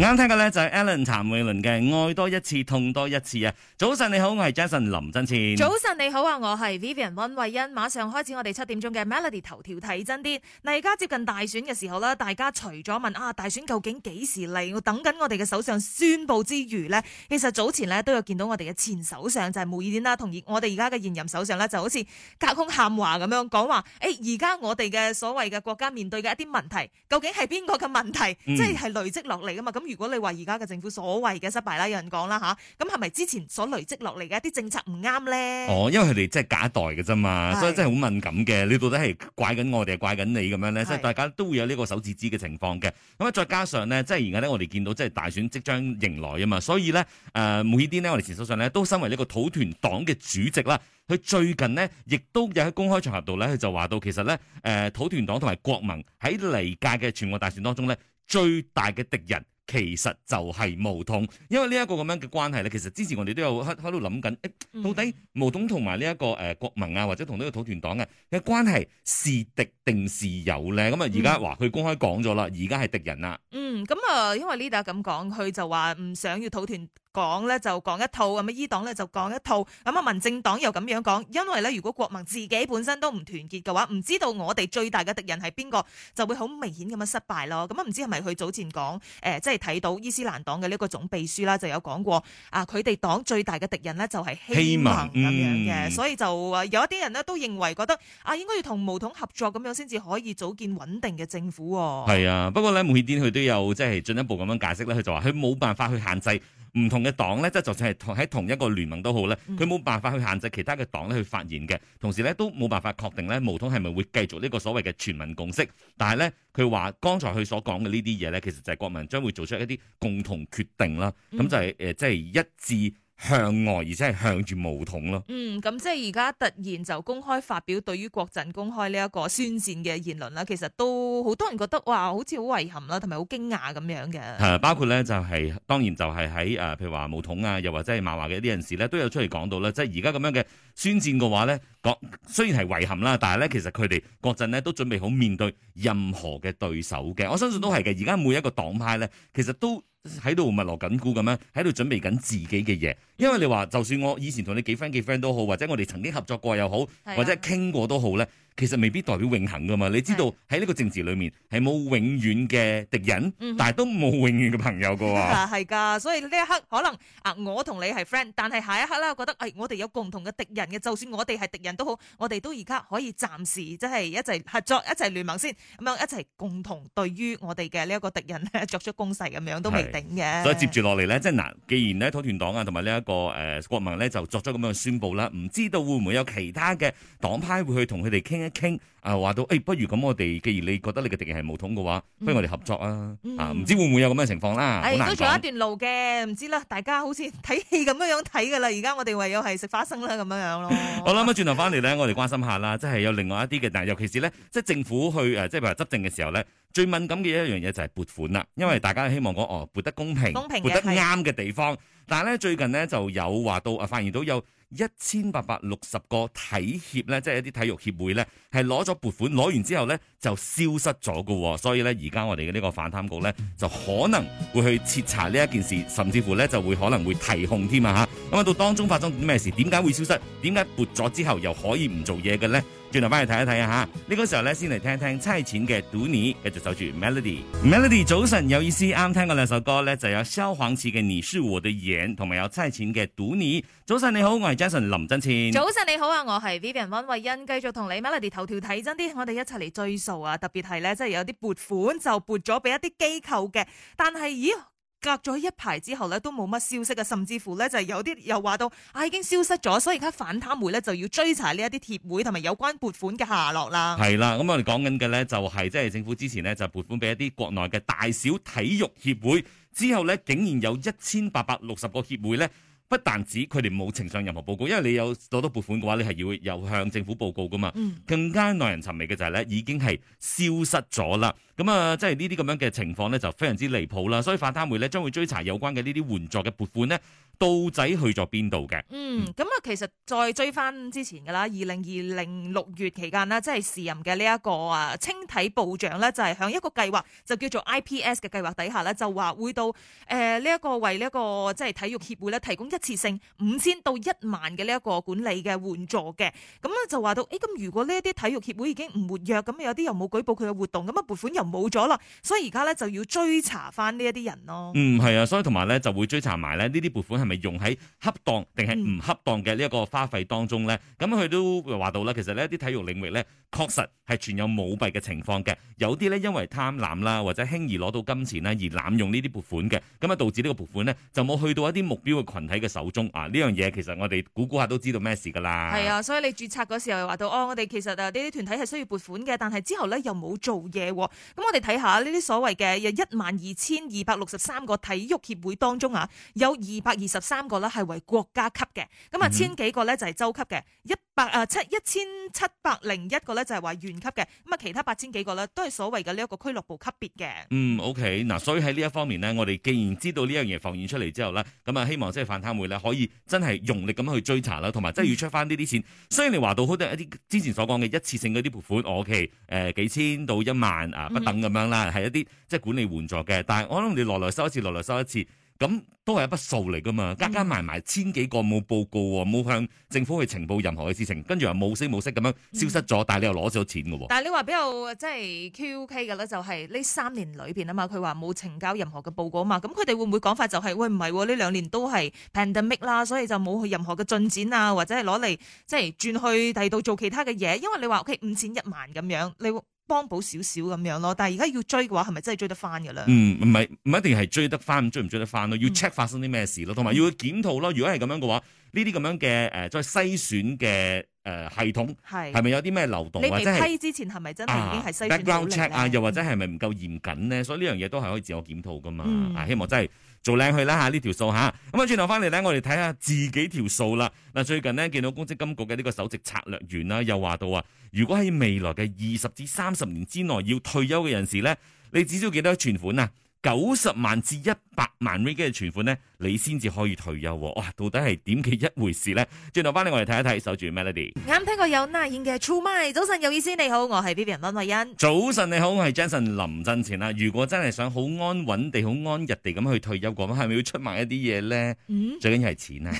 啱聽嘅咧就係 Alan 譚詠麟嘅愛多一次痛多一次啊！早晨你好，我係 Jason 林振前。早晨你好啊，我係 Vivian 溫慧欣。馬上開始我哋七點鐘嘅 Melody 頭條睇真啲。而家接近大選嘅時候啦，大家除咗問啊大選究竟幾時嚟？等緊我哋嘅首相宣布之餘咧，其實早前咧都有見到我哋嘅前首相就係毛以典啦，同我哋而家嘅現任首相咧就好似隔空喊話咁樣講話，誒而家我哋嘅所謂嘅國家面對嘅一啲問題，究竟係邊個嘅問題？即係累積落嚟㗎嘛，咁、嗯。如果你話而家嘅政府所謂嘅失敗啦，有人講啦吓，咁係咪之前所累積落嚟嘅一啲政策唔啱咧？哦，因為佢哋即係假代嘅啫嘛，所以真係好敏感嘅。你到底係怪緊我哋，係怪緊你咁樣咧？即係大家都會有呢個手指指嘅情況嘅。咁啊，再加上咧，即係而家咧，我哋見到即係大選即將迎來啊嘛，所以咧，誒、嗯，梅姨呢，我哋事實上咧都身為呢個土團黨嘅主席啦，佢最近呢，亦都有喺公開場合度咧，佢就話到其實咧，誒，土團黨同埋國盟喺嚟屆嘅全國大選當中咧，最大嘅敵人。其實就係毛統，因為呢一個咁樣嘅關係咧，其實之前我哋都有喺喺度諗緊，誒到底毛統同埋呢一個誒國民啊，或者同呢個土團黨嘅嘅關係是敵定是有咧？咁啊而家話佢公開講咗啦，而家係敵人啦。嗯，咁啊，因為呢度 a 咁講，佢就話唔想要土團。講咧就講一套，咁啊，伊黨咧就講一套，咁啊，民政黨又咁樣講，因為咧，如果國民自己本身都唔團結嘅話，唔知道我哋最大嘅敵人係邊個，就會好明顯咁樣失敗咯。咁啊，唔知係咪佢早前講，誒，即係睇到伊斯蘭黨嘅呢個總秘書啦，就有講過啊，佢哋黨最大嘅敵人呢，就係希盟咁樣嘅，所以就有一啲人呢，都認為覺得啊，應該要同巫統合作咁樣先至可以組建穩定嘅政府。係啊，不過呢，穆罕丁佢都有即係進一步咁樣解釋咧，佢就話佢冇辦法去限制唔同嘅黨咧，即係就算係喺同一個聯盟都好咧，佢冇辦法去限制其他嘅黨咧去發言嘅，同時咧都冇辦法確定咧毛通係咪會繼續呢個所謂嘅全民共識，但係咧佢話剛才佢所講嘅呢啲嘢咧，其實就係國民將會做出一啲共同決定啦，咁、嗯、就係即係一致。向外，而且係向住巫統咯。嗯，咁即係而家突然就公開發表對於國陣公開呢一個宣戰嘅言論啦，其實都好多人覺得哇，好似好遺憾啦，同埋好驚訝咁樣嘅。包括咧就係、是、當然就係喺譬如話巫統啊，又或者係馬華嘅一啲人士咧，都有出嚟講到啦。即係而家咁樣嘅宣戰嘅話咧，國雖然係遺憾啦，但係咧其實佢哋國陣呢都準備好面對任何嘅對手嘅。我相信都係嘅。而家每一個黨派咧，其實都。喺度密鑼緊鼓咁樣，喺度準備緊自己嘅嘢。因為你話，就算我以前同你幾 friend 幾 friend 都好，或者我哋曾經合作過又好，或者傾過都好咧。其實未必代表永恆噶嘛，你知道喺呢個政治裏面係冇永遠嘅敵人，嗯、但係都冇永遠嘅朋友噶喎。係 㗎，所以呢一刻可能啊，我同你係 friend，但係下一刻呢我覺得誒、哎，我哋有共同嘅敵人嘅，就算我哋係敵人都好，我哋都而家可以暫時即係、就是、一齊合作、一齊聯盟先，咁樣一齊共同對於我哋嘅呢一個敵人 作出攻勢，咁樣都未定嘅。所以接住落嚟呢，即係嗱，既然呢，土團黨啊同埋呢一個誒、呃、國民呢，就作咗咁樣嘅宣佈啦，唔知道會唔會有其他嘅黨派會去同佢哋傾傾啊，話到誒，不如咁，我哋既然你覺得你嘅敵人係冇統嘅話，不如我哋合作啊！啊、嗯，唔知會唔會有咁樣嘅情況啦？都、嗯、仲有一段路嘅，唔知啦。大家好似睇戲咁樣樣睇噶啦。而家我哋唯有係食花生啦，咁樣樣咯。好啦，咁啊，轉頭翻嚟咧，我哋關心下啦，即係有另外一啲嘅，但係尤其是咧，即係政府去誒，即係譬如話執政嘅時候咧，最敏感嘅一樣嘢就係撥款啦，因為大家希望講哦，撥得公平，撥得啱嘅地方。但係咧，最近咧就有話到啊，發現到有一千八百六十個體協咧，即係一啲體育協會咧，係攞咗撥款，攞完之後呢就消失咗嘅，所以呢，而家我哋嘅呢個反貪局呢，就可能會去徹查呢一件事，甚至乎呢就會可能會提控添啊吓。咁啊到當中發生啲咩事？點解會消失？點解撥咗之後又可以唔做嘢嘅呢？轉頭翻嚟睇一睇啊吓，呢、這個時候咧先嚟聽一聽差錢嘅賭你，繼續守住 Melody。Melody 早晨有意思，啱聽過兩首歌咧就有蕭煌奇嘅你是我的眼，同埋有差錢嘅賭你。早晨你好，我係 Jason 林真錢。早晨你好啊，我係 Vivian 溫慧欣，繼續同你 Melody 頭條睇真啲，我哋一齊嚟追數啊！特別係咧，即係有啲撥款就撥咗俾一啲機構嘅，但係咦？隔咗一排之後咧，都冇乜消息呀，甚至乎咧就係有啲又話到啊已經消失咗，所以而家反貪會咧就要追查呢一啲協會同埋有關撥款嘅下落啦。係啦，咁我哋講緊嘅咧就係即係政府之前呢就撥款俾一啲國內嘅大小體育協會，之後咧竟然有一千八百六十個協會咧。不但止佢哋冇呈上任何報告，因為你有攞到撥款嘅話，你係要又向政府報告噶嘛，嗯。更加耐人尋味嘅就係、是、咧，已經係消失咗啦。咁啊，即係呢啲咁樣嘅情況咧，就非常之離譜啦。所以反貪會咧，將會追查有關嘅呢啲援助嘅撥款咧，到底去咗邊度嘅。嗯，咁啊，其實再追翻之前噶啦，二零二零六月期間啦，即係時任嘅呢一個啊青體部長咧，就係、是、響一個計劃就叫做 IPS 嘅計劃底下咧，就話會到誒呢一個為呢、這、一個即係體育協會咧提供一。一次性五千到一萬嘅呢一個管理嘅援助嘅，咁咧就話到，誒，咁如果呢一啲體育協會已經唔活躍，咁有啲又冇舉報佢嘅活動，咁啊撥款又冇咗啦，所以而家咧就要追查翻呢一啲人咯。嗯，係啊，所以同埋咧就會追查埋咧呢啲撥款係咪用喺恰當定係唔恰當嘅呢一個花費當中咧？咁佢都話到啦，其實呢一啲體育領域咧確實係存有舞弊嘅情況嘅，有啲咧因為貪婪啦或者輕易攞到金錢咧而濫用呢啲撥款嘅，咁啊導致呢個撥款咧就冇去到一啲目標嘅群體嘅。手中啊，呢樣嘢其實我哋估估下都知道咩事噶啦。係啊，所以你註冊嗰時候又話到，哦，我哋其實啊，呢啲團體係需要撥款嘅，但係之後咧又冇做嘢，哦。咁我哋睇下呢啲所謂嘅有一萬二千二百六十三個體育協會當中啊，有二百二十三個咧係為國家級嘅，咁啊、嗯、千幾個咧就係州級嘅一。啊七一千七百零一個咧就係話原級嘅，咁啊其他八千幾個咧都係所謂嘅呢一個俱樂部級別嘅。嗯，OK，嗱、啊，所以喺呢一方面呢，我哋既然知道呢樣嘢浮現出嚟之後呢，咁、嗯、啊希望即係反貪會呢，可以真係用力咁去追查啦，同埋真係要出翻呢啲錢。雖然你話到好多一啲之前所講嘅一次性嗰啲撥款，我期誒幾千到一萬啊不等咁樣啦，係、嗯、一啲即係管理援助嘅，但係我諗你來來收一次，來來，來收一次。咁都係一筆數嚟噶嘛，加加埋埋千幾個冇報告喎，冇向政府去呈報任何嘅事情，跟住又冇聲冇息咁樣消失咗、嗯，但係你又攞咗錢㗎喎。但係你話比較即係 Q K 嘅咧，就係、是、呢、就是、三年裏邊啊嘛，佢話冇呈交任何嘅報告啊嘛，咁佢哋會唔會講法就係、是、喂唔係呢兩年都係 pandemic 啦，所以就冇去任何嘅進展啊，或者係攞嚟即係轉去第二度做其他嘅嘢？因為你話 OK 五千一萬咁樣，你。幫補少少咁樣咯，但係而家要追嘅話，係咪真係追得翻嘅咧？嗯，唔係唔一定係追得翻，追唔追得翻咯？要 check 發生啲咩事咯，同、嗯、埋要檢討咯。如果係咁樣嘅話，呢啲咁樣嘅誒再篩選嘅誒、呃、系統係係咪有啲咩漏洞？或者係之前係咪真係已經係篩選啊 background check 啊，又或者係咪唔夠嚴謹咧？所以呢樣嘢都係可以自我檢討噶嘛、嗯。啊，希望真係。做靚去啦吓呢條數吓。咁啊，轉頭翻嚟咧我哋睇下自己條數啦。嗱，最近呢見到公積金局嘅呢個首席策略員啦，又話到啊，如果喺未來嘅二十至三十年之內要退休嘅人士咧，你至少幾多存款啊？九十萬至一百萬 r i 嘅存款咧，你先至可以退休，啊。哇，到底係點嘅一回事咧？轉頭翻嚟我哋睇一睇守住 Melody。啱聽過有 n 嘅 t h u m a 早晨有意思，你好，我係 B B 溫慧恩。早晨你好，我係 Jason 林振前啦。如果真係想好安穩地，好安逸地咁去退休嘅話，係咪要出賣一啲嘢咧？嗯、最緊要係錢啊！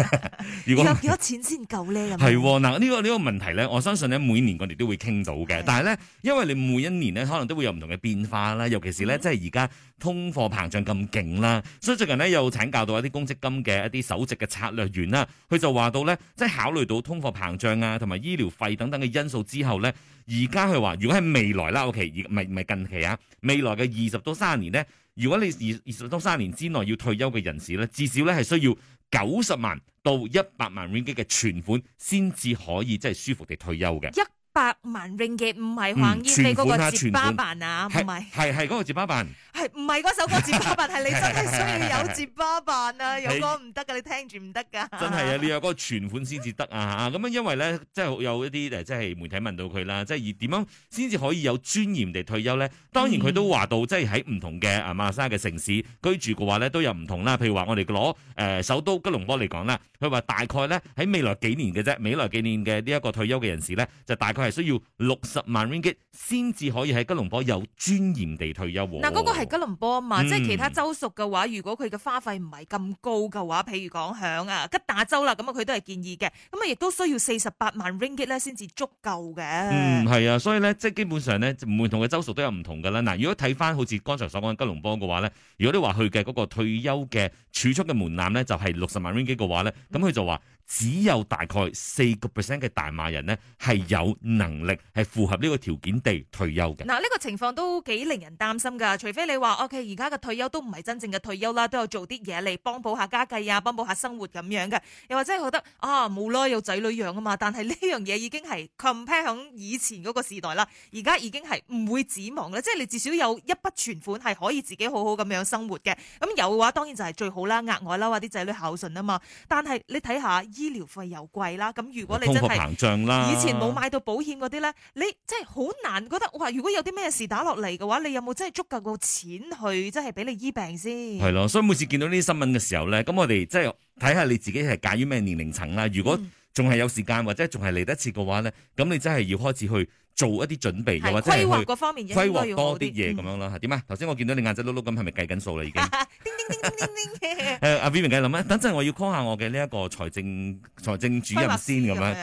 如果 有幾多錢先夠咧？係嗱、 啊，呢、呢個呢、呢個問題咧，我相信咧每年我哋都會傾到嘅。的但係咧，因為你每一年咧可能都會有唔同嘅變化啦，尤其是咧即係而家。 通貨膨脹咁勁啦，所以最近咧又請教到一啲公積金嘅一啲首席嘅策略員啦，佢就話到咧，即係考慮到通貨膨脹啊，同埋醫療費等等嘅因素之後咧，而家佢話如果係未來啦，O K，唔係係近期啊，未來嘅二十多三年咧，如果你二二十多三年之內要退休嘅人士咧，至少咧係需要九十萬到一百萬 ringgit 嘅存款先至可以即係舒服地退休嘅。一百萬 ringgit 唔係橫掂你嗰個十八萬啊？唔、嗯、係，係係、啊那個十八萬。係唔係嗰首歌接巴扮？係你真係需要有接巴扮啊！ 有歌唔得噶，你聽住唔得噶。真係啊！你有嗰個存款先至得啊！咁啊，因為咧，即係有一啲誒，即係媒體問到佢啦，即係點樣先至可以有尊嚴地退休咧？當然佢都話到，即係喺唔同嘅阿馬沙嘅城市居住嘅話咧，都有唔同啦。譬如話我哋攞誒首都吉隆坡嚟講啦，佢話大概咧喺未來幾年嘅啫，未來幾年嘅呢一個退休嘅人士咧，就大概係需要六十萬 ringgit 先至可以喺吉隆坡有尊嚴地退休，啊。嗱，嗰個係係吉隆坡啊嘛。嗯、即係其他州屬嘅話，如果佢嘅花費唔係咁高嘅話，譬如講響啊吉打州啦，咁啊佢都係建議嘅，咁啊亦都需要四十八萬 Ringgit 咧先至足夠嘅。嗯，係啊，所以咧即係基本上咧唔同嘅州屬都有唔同噶啦。嗱，如果睇翻好似剛才所講嘅吉隆坡嘅話咧，如果你話佢嘅嗰個退休嘅儲蓄嘅門檻咧就係六十萬 Ringgit 嘅話咧，咁佢就話，嗯，只有大概四個 percent 嘅大馬人呢係有能力係符合呢個條件地退休嘅。嗱，呢個情況都幾令人擔心㗎，除非你話 OK，而家嘅退休都唔係真正嘅退休啦，都有做啲嘢，嚟幫補下家計啊，幫補下生活咁樣嘅。又或者係覺得啊，冇咯，有仔女養啊嘛。但係呢樣嘢已經係 compare 響以前嗰個時代啦。而家已經係唔會指望啦，即係你至少有一筆存款係可以自己好好咁樣生活嘅。咁有嘅話當然就係最好啦。額外啦，或啲仔女孝順啊嘛。但係你睇下。醫療費又貴啦，咁如果你真係通脹啦，以前冇買到保險嗰啲咧，你真係好難覺得哇！如果有啲咩事打落嚟嘅話，你有冇真係足夠個錢去即係俾你醫病先？係咯，所以每次見到呢啲新聞嘅時候咧，咁我哋即係睇下你自己係介於咩年齡層啦。如果仲係有時間或者仲係嚟得切嘅話咧，咁你真係要開始去。做一啲準備，或者方面去規劃多啲嘢咁樣啦。點、嗯、啊？頭先我見到你眼仔碌碌咁，係咪計緊數啦已經？ 叮，叮，叮，叮，叮叮叮叮叮叮！誒，阿 Vivian 嘅諗咩？等陣我要 call 下我嘅呢一個財政財政主任先咁 這樣。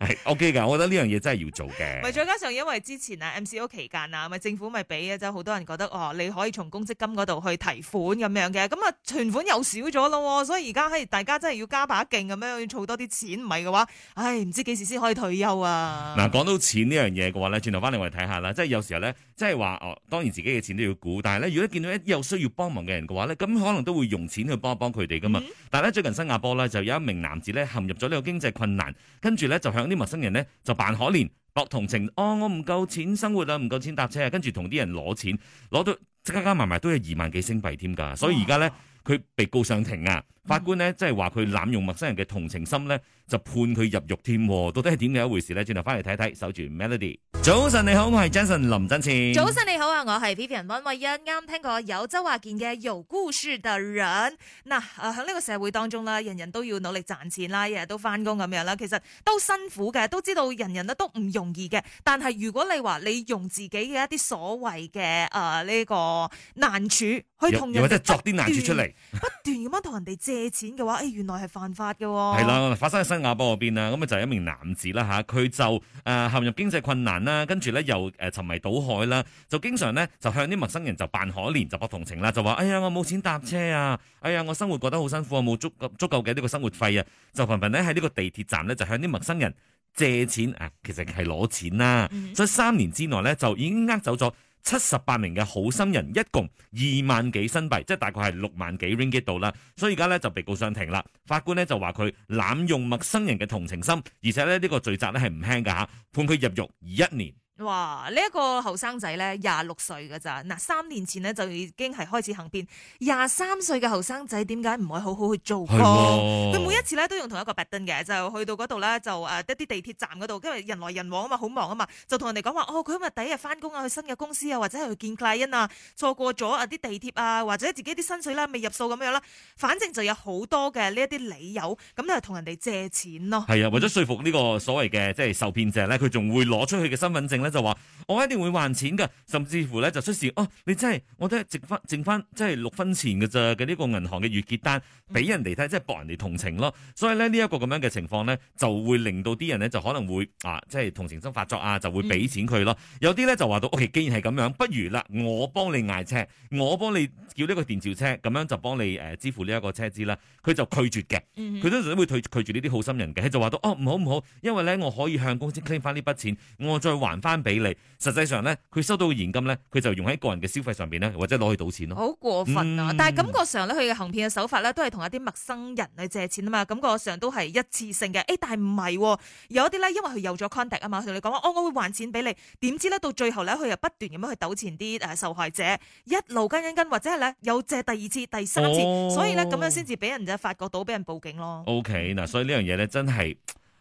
係 OK 㗎，我覺得呢樣嘢真係要做嘅。唔 再加上因為之前啊 MCO 期間啊，咪政府咪俾嘅，即係好多人覺得哦，你可以從公積金嗰度去提款咁樣嘅。咁啊存款又少咗咯，所以而家係大家真係要加把勁咁樣要儲多啲錢，唔係嘅話，唉、哎、唔知幾時先可以退休啊！嗱，講到錢樣呢樣嘢嘅話咧，轉頭翻嚟，我哋睇下啦，即係有時候咧，即係話哦，當然自己嘅錢都要估，但係咧，如果見到一有需要幫忙嘅人嘅話咧，咁可能都會用錢去幫一幫佢哋噶嘛。嗯、但係咧，最近新加坡咧就有一名男子咧陷入咗呢個經濟困難，跟住咧就向啲陌生人咧就扮可憐博同情，哦，我唔夠錢生活啊，唔夠錢搭車啊，跟住同啲人攞錢，攞到加加埋埋都有二萬幾星幣添噶，所以而家咧佢被告上庭啊。法官呢，即係話佢濫用陌生人嘅同情心呢，就判佢入獄添。到底係點嘅一回事呢？轉頭翻嚟睇睇，守住 Melody。早晨你好，我係 Jason 林振前。早晨你好啊，我係 Vivian 溫慧欣。啱聽過有周華健嘅《有故事的人》嗱、呃。誒喺呢個社會當中啦，人人都要努力賺錢啦，日日都翻工咁樣啦，其實都辛苦嘅，都知道人人呢都唔容易嘅。但係如果你話你用自己嘅一啲所謂嘅誒呢個難處去同人，又或者作啲難處出嚟，不斷咁樣同人哋借。 借錢嘅話，誒、哎，原來係犯法嘅，哦。係啦，發生喺新加坡嗰邊啊，咁啊就係、是、一名男子啦吓，佢就誒、呃、陷入經濟困難啦，跟住咧又誒沉迷賭海啦，就經常咧就向啲陌生人就扮可憐，就不同情啦，就話哎呀我冇錢搭車啊，哎呀我生活過得好辛苦啊，冇足夠足夠嘅呢個生活費啊，就頻頻咧喺呢個地鐵站咧就向啲陌生人借錢，其實係攞錢啊，其實係攞錢啦。所以三年之內咧就已經呃走咗。七十八名嘅好心人，一共二萬幾新幣，即係大概係六萬幾 ringgit 度啦。所以而家咧就被告上庭啦。法官咧就話佢濫用陌生人嘅同情心，而且咧呢個罪責咧係唔輕噶吓，判佢入獄二一年。哇！呢、這、一個後生仔咧，廿六歲嘅咋嗱，三年前呢，就已經係開始行騙。廿三歲嘅後生仔點解唔會好好去做工佢、哦、每一次咧都用同一個 b a 嘅，就去到嗰度咧就誒一啲地鐵站嗰度，因為人來人往啊嘛，好忙啊嘛，就同人哋講話哦，佢今日第一日翻工啊，去新嘅公司啊，或者係去見 client 啊，錯過咗啊啲地鐵啊，或者自己啲薪水啦，未入數咁樣啦。反正就有好多嘅呢一啲理由，咁就同人哋借錢咯。係啊，為咗説服呢個所謂嘅即係受騙者咧，佢仲會攞出去嘅身份證。就話我一定會還錢噶，甚至乎咧就出事哦、啊，你真係我都係剩翻剩翻，即係六分錢嘅咋嘅呢個銀行嘅月結單俾人哋睇，即係博人哋同情咯。所以咧呢一個咁樣嘅情況咧，就會令到啲人咧就可能會啊，即係同情心發作啊，就會俾錢佢咯。有啲咧就話到，OK，既然係咁樣，不如啦，我幫你挨車，我幫你叫呢個電召車，咁樣就幫你誒支付呢一個車資啦。佢就拒絕嘅，佢都都會拒拒絕呢啲好心人嘅，就話到哦唔好唔好，因為咧我可以向公司 claim 翻呢筆錢，我再還翻。俾你，實際上咧，佢收到嘅現金咧，佢就用喺個人嘅消費上邊咧，或者攞去賭錢咯。好過分啊！嗯、但係感覺上咧，佢嘅行騙嘅手法咧，都係同一啲陌生人去借錢啊嘛。感覺上都係一次性嘅。誒、欸，但係唔係有一啲咧，因為佢有咗 contact 啊嘛，佢同你講話，我、哦、我會還錢俾你。點知咧，到最後咧，佢又不斷咁樣去糾纏啲誒受害者，一路跟跟跟，或者係咧又借第二次、第三次，哦、所以咧咁樣先至俾人就發覺到，俾人報警咯。OK，嗱，所以呢樣嘢咧真係。嗯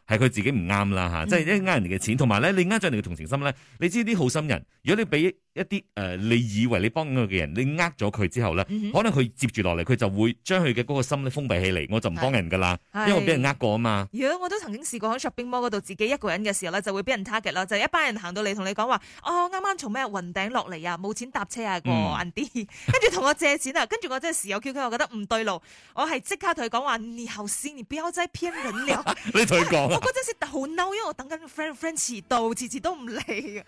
係佢自己唔啱啦嚇，即係一呃人哋嘅錢，同埋咧你呃咗人哋嘅同情心咧。你知啲好心人，如果你俾一啲誒、呃，你以為你幫緊佢嘅人，你呃咗佢之後咧、嗯，可能佢接住落嚟，佢就會將佢嘅嗰個心封閉起嚟，我就唔幫人噶啦，因為我俾人呃過啊嘛。如果我都曾經試過喺 shopping mall 嗰度自己一個人嘅時候咧，就會俾人 target 咯，就係、是、一班人行到嚟同你講話，哦，啱啱從咩雲頂落嚟啊，冇錢搭車啊，過啲、嗯，跟住同我借錢啊， 跟住我真係時有 QQ，我覺得唔對路，我係即刻同佢講話，你後生你表仔騙人了。 你同佢講我嗰陣時好嬲，因為我等緊個 friend，friend 遲到，次次都唔嚟。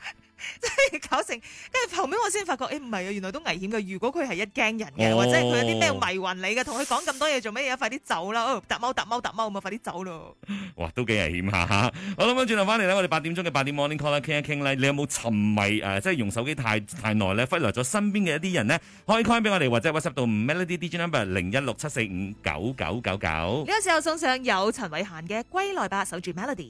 即 係搞成，跟住後尾我先發覺，誒唔係啊，原來都危險嘅。如果佢係一驚人嘅，哦、或者佢有啲咩迷魂你嘅，同佢講咁多嘢做咩啊？ 快啲走啦！哦，揼貓揼貓揼貓咁啊，快啲走咯！哇，都幾危險吓、啊。好啦，咁轉頭翻嚟咧，我哋八點鐘嘅八點 morning call 咧，傾一傾咧。你有冇沉迷誒、呃？即係用手機太太耐咧，忽略咗身邊嘅一啲人咧？開 call 俾我哋，或者 WhatsApp 到 melody DJ number 零一六七四五九九九九。呢、這個時候送上有陳偉嫻嘅《歸來吧》，守住 melody。